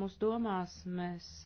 Mūsu domās mēs